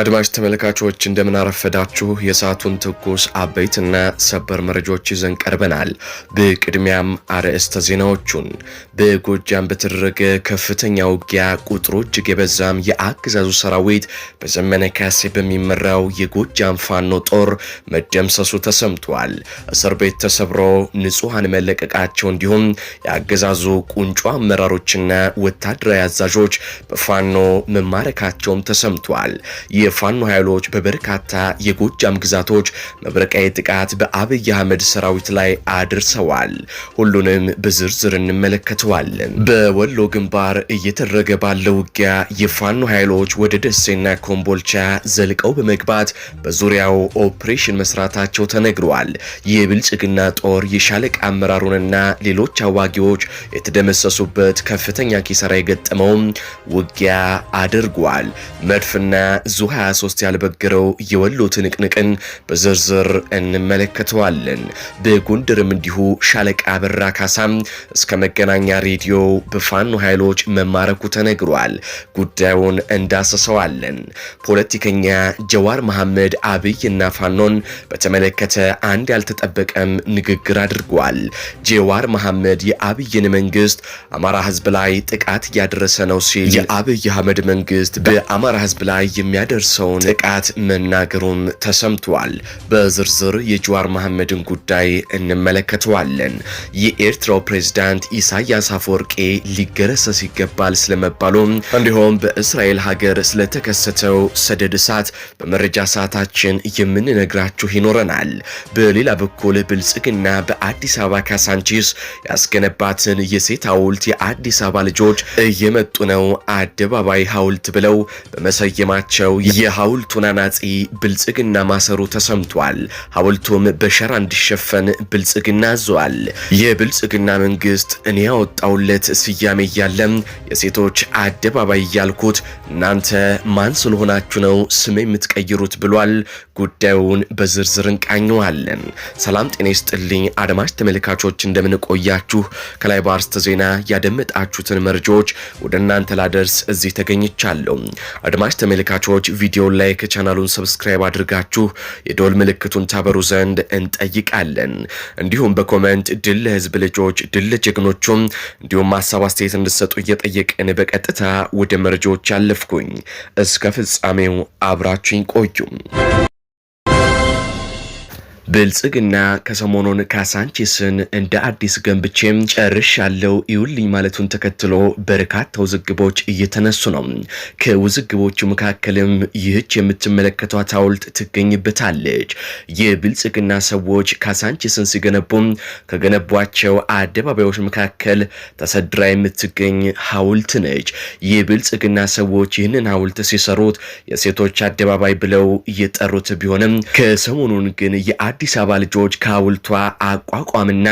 አድማጭ ተመልካቾች እንደምናረፈዳችሁ የሰዓቱን ትኩስ አበይትና ሰበር መረጃዎች ይዘን ቀርበናል። በቅድሚያም አርዕስተ ዜናዎቹን። በጎጃም በተደረገ ከፍተኛ ውጊያ ቁጥሩ እጅግ የበዛም የአገዛዙ ሰራዊት በዘመነ ካሴ በሚመራው የጎጃም ፋኖ ጦር መደምሰሱ ተሰምቷል። እስር ቤት ተሰብሮ ንጹሐን መለቀቃቸው እንዲሁም የአገዛዙ ቁንጮ አመራሮችና ወታደራዊ አዛዦች በፋኖ መማረካቸውም ተሰምቷል። የፋኖ ኃይሎች በበርካታ የጎጃም ግዛቶች መብረቃዊ ጥቃት በአብይ አህመድ ሰራዊት ላይ አድርሰዋል። ሁሉንም በዝርዝር እንመለከተዋለን። በወሎ ግንባር እየተደረገ ባለው ውጊያ የፋኖ ኃይሎች ወደ ደሴና ኮምቦልቻ ዘልቀው በመግባት በዙሪያው ኦፕሬሽን መስራታቸው ተነግሯል። የብልጽግና ጦር የሻለቃ አመራሩንና ሌሎች አዋጊዎች የተደመሰሱበት ከፍተኛ ኪሳራ የገጠመውም ውጊያ አድርጓል። መድፍና ዙሃ 2023 ያልበገረው የወሎ ትንቅንቅን በዝርዝር እንመለከተዋለን። በጎንደርም እንዲሁ ሻለቃ አበራ ካሳም እስከ መገናኛ ሬዲዮ በፋኖ ኃይሎች መማረኩ ተነግሯል። ጉዳዩን እንዳሰሰዋለን። ፖለቲከኛ ጀዋር መሐመድ አብይ እና ፋኖን በተመለከተ አንድ ያልተጠበቀም ንግግር አድርጓል። ጀዋር መሐመድ የአብይን መንግስት አማራ ህዝብ ላይ ጥቃት እያደረሰ ነው ሲል የአብይ አህመድ መንግስት በአማራ ህዝብ ላይ የሚያደ የሚደርሰውን ጥቃት መናገሩም ተሰምቷል። በዝርዝር የጀዋር መሐመድን ጉዳይ እንመለከተዋለን። የኤርትራው ፕሬዝዳንት ኢሳያስ አፈወርቄ ሊገረሰስ ይገባል ስለመባሉም እንዲሁም በእስራኤል ሀገር ስለተከሰተው ሰደድ እሳት በመረጃ ሰዓታችን የምንነግራችሁ ይኖረናል። በሌላ በኩል ብልጽግና በአዲስ አበባ ካሳንቺስ ያስገነባትን የሴት ሐውልት የአዲስ አበባ ልጆች እየመጡ ነው አደባባይ ሐውልት ብለው በመሰየማቸው የሐውልቱን አናጺ ብልጽግና ማሰሩ ተሰምቷል። ሐውልቱም በሸራ እንዲሸፈን ብልጽግና አዘዋል። የብልጽግና መንግስት እኔ ያወጣውለት ስያሜ እያለም የሴቶች አደባባይ እያልኩት እናንተ ማን ስለሆናችሁ ነው ስም የምትቀይሩት ብሏል። ጉዳዩን በዝርዝር እንቃኘዋለን። ሰላም ጤና ይስጥልኝ አድማጭ ተመልካቾች፣ እንደምንቆያችሁ ከላይ በአርስተ ዜና ያደመጣችሁትን መረጃዎች ወደ እናንተ ላደርስ እዚህ ተገኝቻለሁ። አድማጭ ተመልካቾች ቪዲዮን ላይክ፣ ቻናሉን ሰብስክራይብ አድርጋችሁ የዶል ምልክቱን ታበሩ ዘንድ እንጠይቃለን። እንዲሁም በኮመንት ድል ለህዝብ ልጆች፣ ድል ለጀግኖቹም እንዲሁም ሀሳብ አስተያየት እንድሰጡ እየጠየቅን በቀጥታ ወደ መረጃዎች ያለፍኩኝ እስከ ፍጻሜው አብራችኝ ቆዩ። ብልጽግና ከሰሞኑን ካሳንቺስን እንደ አዲስ ገንብቼም ጨርሻለሁ ይውልኝ ማለቱን ተከትሎ በርካታ ውዝግቦች እየተነሱ ነው። ከውዝግቦቹ መካከልም ይህች የምትመለከቷት ሐውልት ትገኝበታለች። የብልጽግና ሰዎች ካሳንቺስን ሲገነቡም ከገነቧቸው አደባባዮች መካከል ተሰድራ የምትገኝ ሐውልት ነች። የብልጽግና ሰዎች ይህንን ሐውልት ሲሰሩት የሴቶች አደባባይ ብለው እየጠሩት ቢሆንም ከሰሞኑን ግን የአ የአዲስ አበባ ልጆች ከሐውልቷ አቋቋምና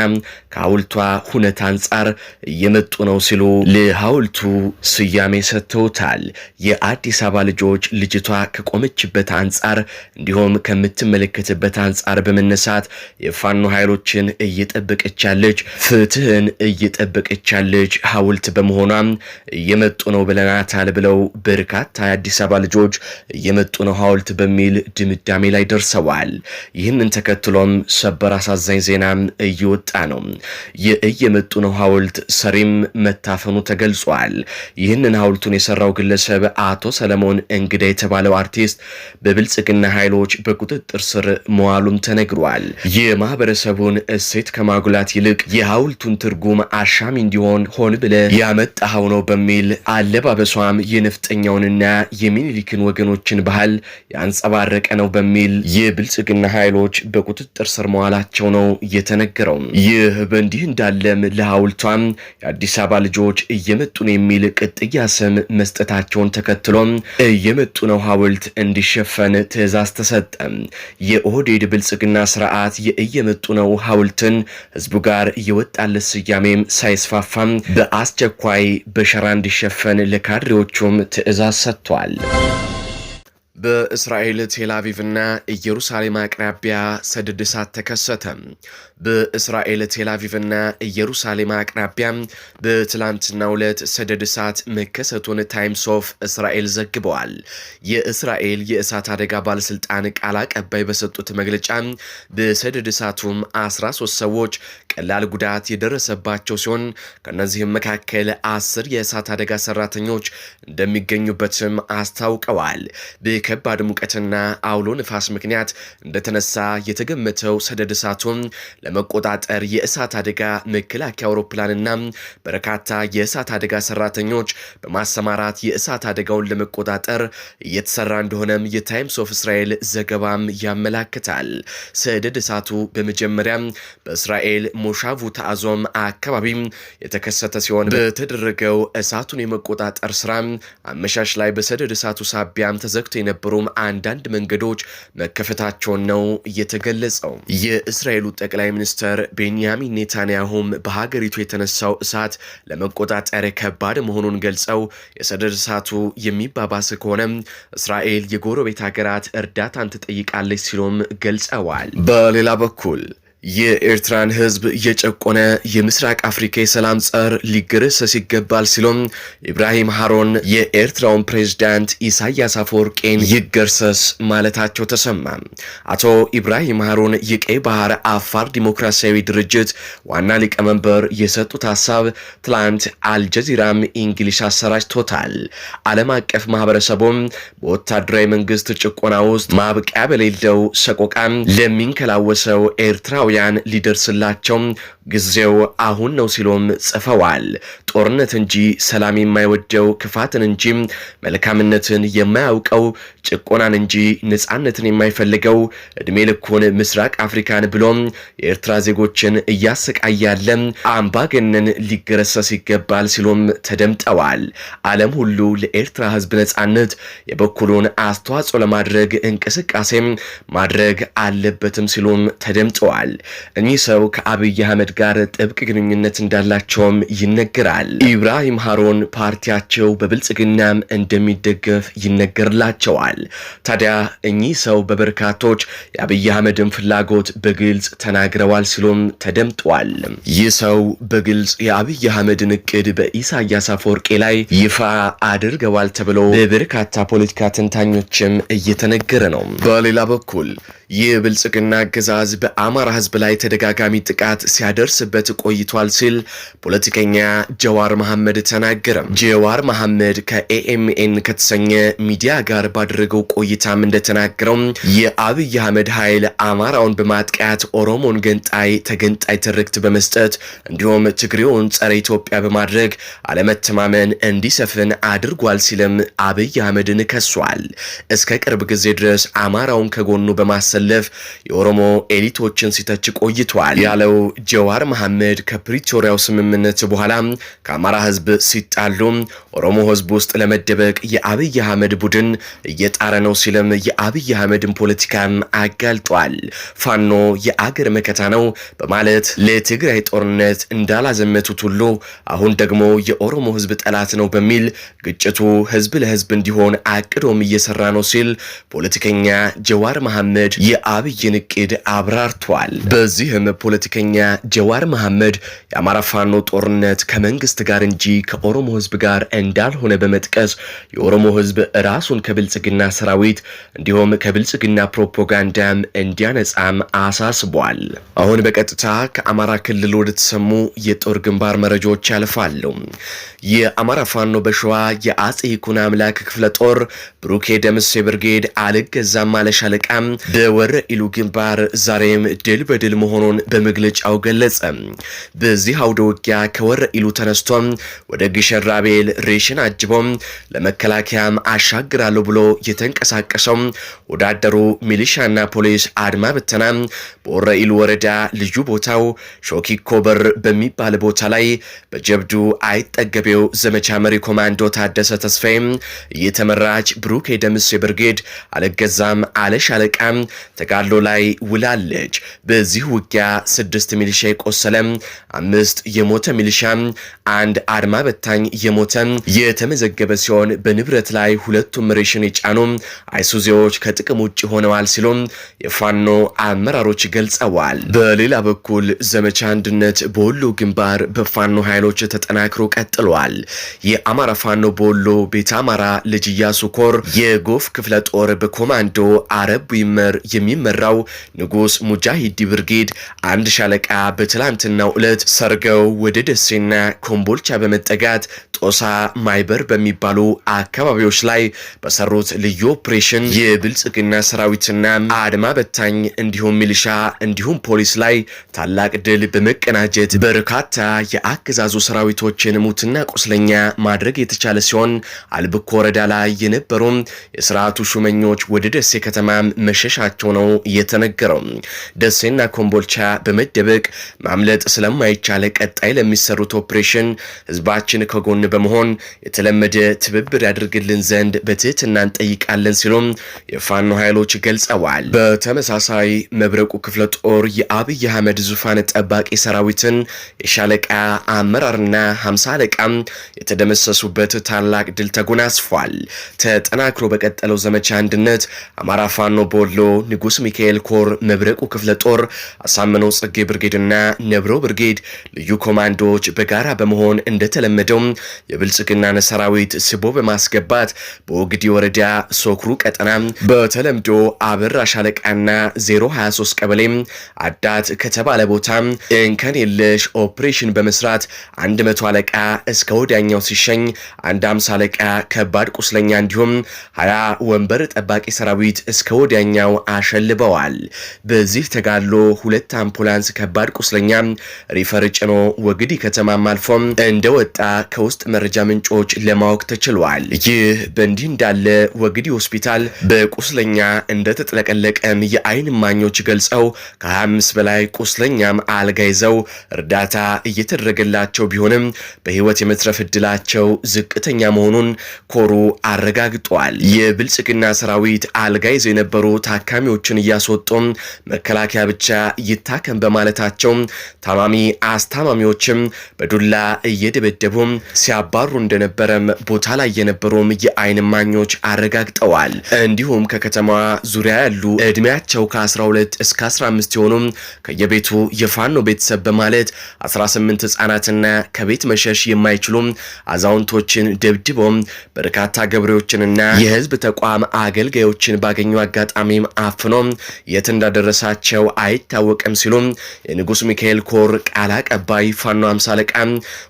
ከሐውልቷ ሁነት አንጻር እየመጡ ነው ሲሉ ለሐውልቱ ስያሜ ሰጥተውታል። የአዲስ አበባ ልጆች ልጅቷ ከቆመችበት አንጻር እንዲሁም ከምትመለከትበት አንጻር በመነሳት የፋኖ ኃይሎችን እየጠበቀች ያለች ፍትህን እየጠበቀች ያለች ሐውልት በመሆኗም እየመጡ ነው ብለናታል ብለው በርካታ የአዲስ አበባ ልጆች እየመጡ ነው ሐውልት በሚል ድምዳሜ ላይ ደርሰዋል። ይህንን ተከ ተከትሎም ሰበር አሳዛኝ ዜና እየወጣ ነው። የእየመጡ ነው ሐውልት ሰሪም መታፈኑ ተገልጿል። ይህንን ሐውልቱን የሰራው ግለሰብ አቶ ሰለሞን እንግዳ የተባለው አርቲስት በብልጽግና ኃይሎች በቁጥጥር ስር መዋሉም ተነግሯል። የማህበረሰቡን እሴት ከማጉላት ይልቅ የሐውልቱን ትርጉም አሻሚ እንዲሆን ሆን ብለ ያመጣኸው ነው በሚል አለባበሷም የነፍጠኛውንና የሚኒሊክን ወገኖችን ባህል ያንጸባረቀ ነው በሚል የብልጽግና ኃይሎች በቁ ቁጥጥር ስር መዋላቸው ነው የተነገረው። ይህ በእንዲህ እንዳለም ለሐውልቷም የአዲስ አበባ ልጆች እየመጡ ነው የሚል ቅጥያ ስም መስጠታቸውን ተከትሎ እየመጡ ነው ሐውልት እንዲሸፈን ትዕዛዝ ተሰጠ። የኦህዴድ ብልጽግና ስርዓት የእየመጡ ነው ሐውልትን ህዝቡ ጋር የወጣለት ስያሜም ሳይስፋፋም በአስቸኳይ በሸራ እንዲሸፈን ለካድሬዎቹም ትዕዛዝ ሰጥቷል። በእስራኤል ቴላቪቭና ኢየሩሳሌም አቅራቢያ ሰደድ እሳት ተከሰተ። በእስራኤል ቴላቪቭና ኢየሩሳሌም አቅራቢያ በትላንትናው ዕለት ሰደድ እሳት መከሰቱን ታይምስ ኦፍ እስራኤል ዘግበዋል። የእስራኤል የእሳት አደጋ ባለስልጣን ቃል አቀባይ በሰጡት መግለጫ በሰደድ እሳቱም 13 ሰዎች ቀላል ጉዳት የደረሰባቸው ሲሆን ከእነዚህም መካከል አስር የእሳት አደጋ ሰራተኞች እንደሚገኙበትም አስታውቀዋል። በከባድ ሙቀትና አውሎ ንፋስ ምክንያት እንደተነሳ የተገመተው ሰደድ እሳቱን ለመቆጣጠር የእሳት አደጋ መከላከያ አውሮፕላንና በርካታ የእሳት አደጋ ሰራተኞች በማሰማራት የእሳት አደጋውን ለመቆጣጠር እየተሰራ እንደሆነም የታይምስ ኦፍ እስራኤል ዘገባም ያመላክታል። ሰደድ እሳቱ በመጀመሪያም በእስራኤል ሞሻቡ ተአዞም አካባቢ የተከሰተ ሲሆን በተደረገው እሳቱን የመቆጣጠር ስራ አመሻሽ ላይ በሰደድ እሳቱ ሳቢያም ተዘግቶ የነበ የነበሩም አንዳንድ መንገዶች መከፈታቸውን ነው የተገለጸው። የእስራኤሉ ጠቅላይ ሚኒስትር ቤንያሚን ኔታንያሁም በሀገሪቱ የተነሳው እሳት ለመቆጣጠር ከባድ መሆኑን ገልጸው የሰደድ እሳቱ የሚባባስ ከሆነም እስራኤል የጎረቤት ሀገራት እርዳታን ትጠይቃለች ሲሉም ገልጸዋል። በሌላ በኩል የኤርትራን ህዝብ የጨቆነ የምስራቅ አፍሪካ የሰላም ጸር ሊገረሰስ ይገባል ሲሉም ኢብራሂም ሀሮን የኤርትራውን ፕሬዝዳንት ኢሳያስ አፈወርቄን ይገርሰስ ማለታቸው ተሰማ። አቶ ኢብራሂም ሀሮን የቀይ ባህር አፋር ዲሞክራሲያዊ ድርጅት ዋና ሊቀመንበር የሰጡት ሀሳብ ትላንት አልጀዚራም እንግሊሽ አሰራጭቶታል። ዓለም አቀፍ ማህበረሰቡም በወታደራዊ መንግስት ጭቆና ውስጥ ማብቂያ በሌለው ሰቆቃም ለሚንከላወሰው ኤርትራ ኢትዮጵያውያን ሊደርስላቸው ጊዜው አሁን ነው ሲሉም ጽፈዋል። ጦርነት እንጂ ሰላም የማይወደው ክፋትን እንጂ መልካምነትን የማያውቀው ጭቆናን እንጂ ነፃነትን የማይፈልገው እድሜ ልኩን ምስራቅ አፍሪካን ብሎም የኤርትራ ዜጎችን እያሰቃያለ አምባገነን ሊገረሰስ ይገባል ሲሉም ተደምጠዋል። ዓለም ሁሉ ለኤርትራ ሕዝብ ነፃነት የበኩሉን አስተዋጽኦ ለማድረግ እንቅስቃሴም ማድረግ አለበትም ሲሉም ተደምጠዋል። እኚህ ሰው ከአብይ አህመድ ጋር ጥብቅ ግንኙነት እንዳላቸውም ይነገራል። ኢብራሂም ሃሮን ፓርቲያቸው በብልጽግናም እንደሚደገፍ ይነገርላቸዋል። ታዲያ እኚህ ሰው በበርካቶች የአብይ አህመድን ፍላጎት በግልጽ ተናግረዋል ሲሉም ተደምጧል። ይህ ሰው በግልጽ የአብይ አህመድን እቅድ በኢሳያስ አፈወርቄ ላይ ይፋ አድርገዋል ተብሎ በበርካታ ፖለቲካ ተንታኞችም እየተነገረ ነው። በሌላ በኩል ይህ ብልጽግና አገዛዝ በአማራ ህዝብ ላይ ተደጋጋሚ ጥቃት ሲያደርስ ሲደርስበት ቆይቷል ሲል ፖለቲከኛ ጀዋር መሐመድ ተናገረ። ጀዋር መሐመድ ከኤኤምኤን ከተሰኘ ሚዲያ ጋር ባደረገው ቆይታም እንደተናገረው የአብይ አህመድ ኃይል አማራውን በማጥቃት ኦሮሞን ገንጣይ ተገንጣይ ትርክት በመስጠት እንዲሁም ትግሬውን ጸረ ኢትዮጵያ በማድረግ አለመተማመን እንዲሰፍን አድርጓል ሲልም አብይ አህመድን ከሷል። እስከ ቅርብ ጊዜ ድረስ አማራውን ከጎኑ በማሰለፍ የኦሮሞ ኤሊቶችን ሲተች ቆይቷል ያለው ጀዋ ጀዋር መሐመድ ከፕሪቶሪያው ስምምነት በኋላ ከአማራ ህዝብ ሲጣሉ ኦሮሞ ህዝብ ውስጥ ለመደበቅ የአብይ አህመድ ቡድን እየጣረ ነው ሲልም የአብይ አህመድን ፖለቲካም አጋልጧል። ፋኖ የአገር መከታ ነው በማለት ለትግራይ ጦርነት እንዳላዘመቱት ሁሉ አሁን ደግሞ የኦሮሞ ህዝብ ጠላት ነው በሚል ግጭቱ ህዝብ ለህዝብ እንዲሆን አቅዶም እየሰራ ነው ሲል ፖለቲከኛ ጀዋር መሐመድ የአብይን እቅድ አብራርቷል። በዚህም ፖለቲከኛ ጀዋር መሐመድ የአማራ ፋኖ ጦርነት ከመንግስት ጋር እንጂ ከኦሮሞ ህዝብ ጋር እንዳልሆነ በመጥቀስ የኦሮሞ ህዝብ ራሱን ከብልጽግና ሰራዊት እንዲሁም ከብልጽግና ፕሮፓጋንዳም እንዲያነጻም አሳስቧል። አሁን በቀጥታ ከአማራ ክልል ወደተሰሙ የጦር ግንባር መረጃዎች ያልፋሉ። የአማራ ፋኖ በሸዋ የአጼ ይኩኖ አምላክ ክፍለ ጦር ብሩኬ ደምሴ ብርጌድ አልገዛም አለ ሻለቃ በወረ ኢሉ ግንባር ዛሬም ድል በድል መሆኑን በመግለጫው ገለጸ። ተገለጸ። በዚህ አውደ ውጊያ ከወረ ኢሉ ተነስቶ ወደ ግሸራቤል ሬሽን አጅቦ ለመከላከያም አሻግራለሁ ብሎ የተንቀሳቀሰው ወዳደሩ ሚሊሻና ፖሊስ አድማ ብተና በወረ ኢሉ ወረዳ ልዩ ቦታው ኮበር በሚባል ቦታ ላይ በጀብዱ አይጠገቤው ዘመቻ መሪ ኮማንዶ ታደሰ ተስፋዬ እየተመራች ብሩክ የደምስ ብርጌድ አለገዛም አለ ሻለቃ ተጋድሎ ላይ ውላለች። በዚህ ውጊያ ስድስት ሚሊሻ የቆሰለ አምስት የሞተ ሚሊሻ አንድ አድማ በታኝ የሞተ የተመዘገበ ሲሆን በንብረት ላይ ሁለቱም ሬሽን የጫኑ አይሱዜዎች ከጥቅም ውጭ ሆነዋል ሲሉ የፋኖ አመራሮች ገልጸዋል። በሌላ በኩል ዘመቻ አንድነት በወሎ ግንባር በፋኖ ኃይሎች ተጠናክሮ ቀጥሏል። የአማራ ፋኖ በወሎ ቤተ አማራ ልጅያ ሱኮር የጎፍ ክፍለ ጦር በኮማንዶ አረብ ይመር የሚመራው ንጉስ ሙጃሂድ ብርጌድ አንድ ሻለቃ በ በትላንትናው ዕለት ሰርገው ወደ ደሴና ኮምቦልቻ በመጠጋት ጦሳ ማይበር በሚባሉ አካባቢዎች ላይ በሰሩት ልዩ ኦፕሬሽን የብልጽግና ሰራዊትና አድማ በታኝ እንዲሁም ሚሊሻ እንዲሁም ፖሊስ ላይ ታላቅ ድል በመቀናጀት በርካታ የአገዛዙ ሰራዊቶችን ሙትና ቁስለኛ ማድረግ የተቻለ ሲሆን አልብኮ ወረዳ ላይ የነበሩም የስርዓቱ ሹመኞች ወደ ደሴ ከተማ መሸሻቸው ነው የተነገረው። ደሴና ኮምቦልቻ በመደበቅ ማምለጥ ስለማይቻለ ቀጣይ ለሚሰሩት ኦፕሬሽን ህዝባችን ከጎን በመሆን የተለመደ ትብብር ያድርግልን ዘንድ በትህትና እንጠይቃለን ሲሉም የፋኖ ኃይሎች ገልጸዋል። በተመሳሳይ መብረቁ ክፍለ ጦር የአብይ አህመድ ዙፋን ጠባቂ ሰራዊትን የሻለቃ አመራርና ሀምሳ አለቃም የተደመሰሱበት ታላቅ ድል ተጎናጽፏል። ተጠናክሮ በቀጠለው ዘመቻ አንድነት አማራ ፋኖ ቦሎ ንጉስ ሚካኤል ኮር መብረቁ ክፍለ ጦር አሳምነው ጽጌ ብርጌድና ነብሮ ብርጌድ ልዩ ኮማንዶዎች በጋራ በመሆን እንደተለመደው የብልጽግናን ሰራዊት ስቦ በማስገባት በወግዲ ወረዳ ሶክሩ ቀጠና በተለምዶ አበራ ሻለቃና 023 ቀበሌ አዳት ከተባለ ቦታ እንከን የለሽ ኦፕሬሽን በመስራት አንድ መቶ አለቃ እስከ ወዲያኛው ሲሸኝ አንድ አምሳ አለቃ ከባድ ቁስለኛ እንዲሁም ሀያ ወንበር ጠባቂ ሰራዊት እስከ ወዲያኛው አሸልበዋል። በዚህ ተጋድሎ ሁለት አምፑላንስ ከባድ ቁስለ ስደተኛ ሪፈር ጭኖ ወግዲ ከተማም አልፎም እንደወጣ ከውስጥ መረጃ ምንጮች ለማወቅ ተችሏል። ይህ በእንዲህ እንዳለ ወግዲ ሆስፒታል በቁስለኛ እንደተጥለቀለቀም የአይን ማኞች ገልጸው ከ25 በላይ ቁስለኛም አልጋ ይዘው እርዳታ እየተደረገላቸው ቢሆንም በህይወት የመትረፍ እድላቸው ዝቅተኛ መሆኑን ኮሩ አረጋግጧል። የብልጽግና ሰራዊት አልጋ ይዘው የነበሩ ታካሚዎችን እያስወጡም መከላከያ ብቻ ይታከም በማለታቸው ታማሚ አስታማሚዎችም በዱላ እየደበደቡ ሲያባሩ እንደነበረም ቦታ ላይ የነበሩም የአይን ማኞች አረጋግጠዋል። እንዲሁም ከከተማዋ ዙሪያ ያሉ እድሜያቸው ከ12 እስከ 15 የሆኑ ከየቤቱ የፋኖ ቤተሰብ በማለት 18 ህጻናትና ከቤት መሸሽ የማይችሉ አዛውንቶችን ደብድበው በርካታ ገበሬዎችንና የህዝብ ተቋም አገልጋዮችን ባገኙ አጋጣሚም አፍኖ የት እንዳደረሳቸው አይታወቅም ሲሉ የንጉስ ሚካኤል ኮር ቃል አቀባይ ፋኖ አምሳ አለቃ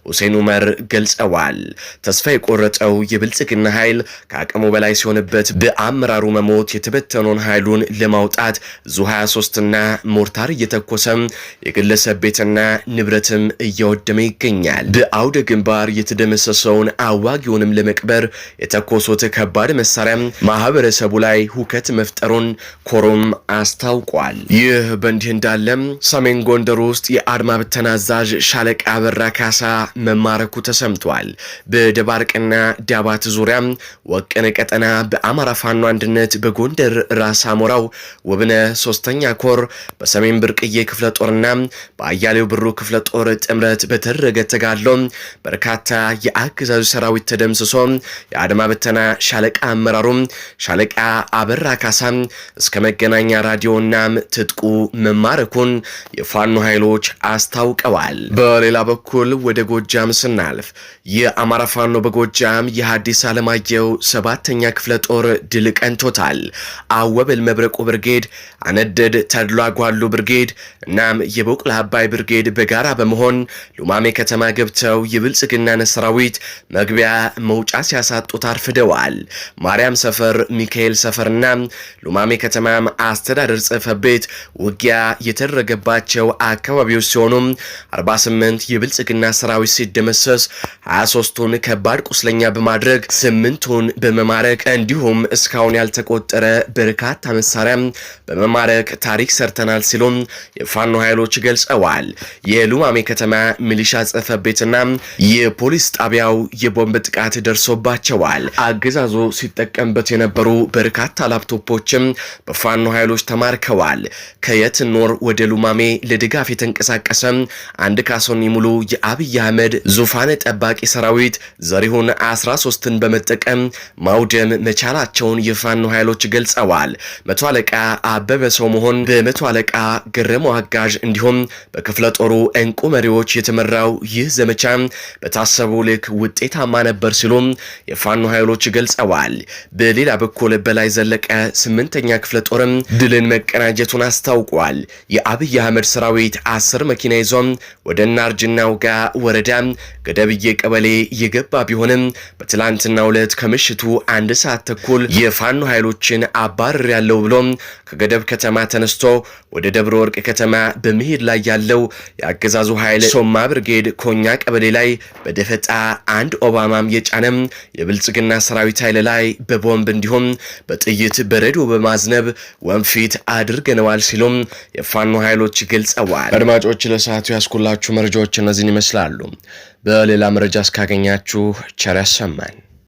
ሁሴን ኡመር ገልጸዋል። ተስፋ የቆረጠው የብልጽግና ኃይል ከአቅሙ በላይ ሲሆንበት በአመራሩ መሞት የተበተነውን ኃይሉን ለማውጣት ዙ 23ና ሞርታር እየተኮሰም የግለሰብ ቤትና ንብረትም እያወደመ ይገኛል። በአውደ ግንባር የተደመሰሰውን አዋጊውንም ለመቅበር የተኮሱት ከባድ መሳሪያ ማህበረሰቡ ላይ ሁከት መፍጠሩን ኮሮም አስታውቋል። ይህ በእንዲህ እንዳለም ሰሜን ጎንደር ውስጥ ውስጥ የአድማ ብተና አዛዥ ሻለቃ አበራ ካሳ መማረኩ ተሰምቷል። በደባርቅና ዳባት ዙሪያም ወቅን ቀጠና በአማራ ፋኖ አንድነት በጎንደር ራስ አሞራው ውብነ ሶስተኛ ኮር በሰሜን ብርቅዬ ክፍለ ጦርና በአያሌው ብሩ ክፍለ ጦር ጥምረት በተደረገ ተጋድሎ በርካታ የአገዛዙ ሰራዊት ተደምስሶ የአድማ ብተና ሻለቃ አመራሩም ሻለቃ አበራ ካሳም እስከ መገናኛ ራዲዮና ትጥቁ መማረኩን የፋኖ ኃይል ኃይሎች አስታውቀዋል። በሌላ በኩል ወደ ጎጃም ስናልፍ የአማራ ፋኖ በጎጃም የሐዲስ ዓለማየሁ ሰባተኛ ክፍለ ጦር ድል ቀንቶታል። አወበል መብረቁ ብርጌድ፣ አነደድ ተድሏ ጓሉ ብርጌድ እናም የበቁላ አባይ ብርጌድ በጋራ በመሆን ሉማሜ ከተማ ገብተው የብልጽግናን ሰራዊት መግቢያ መውጫ ሲያሳጡት አርፍደዋል። ማርያም ሰፈር፣ ሚካኤል ሰፈርና ሉማሜ ከተማም አስተዳደር ጽህፈት ቤት ውጊያ የተደረገባቸው አካባቢ አካባቢዎች ሲሆኑ 48 የብልጽግና ሰራዊት ሲደመሰስ 23ቱን ከባድ ቁስለኛ በማድረግ ስምንቱን በመማረክ እንዲሁም እስካሁን ያልተቆጠረ በርካታ መሳሪያ በመማረክ ታሪክ ሰርተናል ሲሉ የፋኖ ኃይሎች ገልጸዋል። የሉማሜ ከተማ ሚሊሻ ጽሕፈት ቤትና የፖሊስ ጣቢያው የቦምብ ጥቃት ደርሶባቸዋል። አገዛዙ ሲጠቀምበት የነበሩ በርካታ ላፕቶፖችም በፋኖ ኃይሎች ተማርከዋል። ከየትኖር ወደ ሉማሜ ለድጋፍ እየተንቀሳቀሰ አንድ ካሶኒ ሙሉ የአብይ አህመድ ዙፋን ጠባቂ ሰራዊት ዘሪሁን 13ን በመጠቀም ማውደም መቻላቸውን የፋኖ ኃይሎች ገልጸዋል። መቶ አለቃ አበበ ሰው መሆን በመቶ አለቃ ገረመው አጋዥ እንዲሁም በክፍለ ጦሩ እንቁ መሪዎች የተመራው ይህ ዘመቻ በታሰበው ልክ ውጤታማ ነበር ሲሉም የፋኖ ኃይሎች ገልጸዋል። በሌላ በኩል በላይ ዘለቀ ስምንተኛ ክፍለ ጦርም ድልን መቀናጀቱን አስታውቋል። የአብይ አህመድ ሰራዊት አስር መኪና ይዞ ወደ ናርጅናው ጋ ወረዳ ገደብዬ ቀበሌ የገባ ቢሆንም በትላንትና ዕለት ከምሽቱ አንድ ሰዓት ተኩል የፋኖ ኃይሎችን አባርር ያለው ብሎ ከገደብ ከተማ ተነስቶ ወደ ደብረ ወርቅ ከተማ በመሄድ ላይ ያለው የአገዛዙ ኃይል ሶማ ብርጌድ ኮኛ ቀበሌ ላይ በደፈጣ አንድ ኦባማም የጫነም የብልጽግና ሰራዊት ኃይል ላይ በቦምብ እንዲሁም በጥይት በረዶ በማዝነብ ወንፊት አድርገነዋል ሲሉም የፋኖ ኃይሎች ገልጸዋል። አድማጮች ለሰዓቱ ያስኩላችሁ መረጃዎች እነዚህን ይመስላሉ። በሌላ መረጃ እስካገኛችሁ ቸር ያሰማን።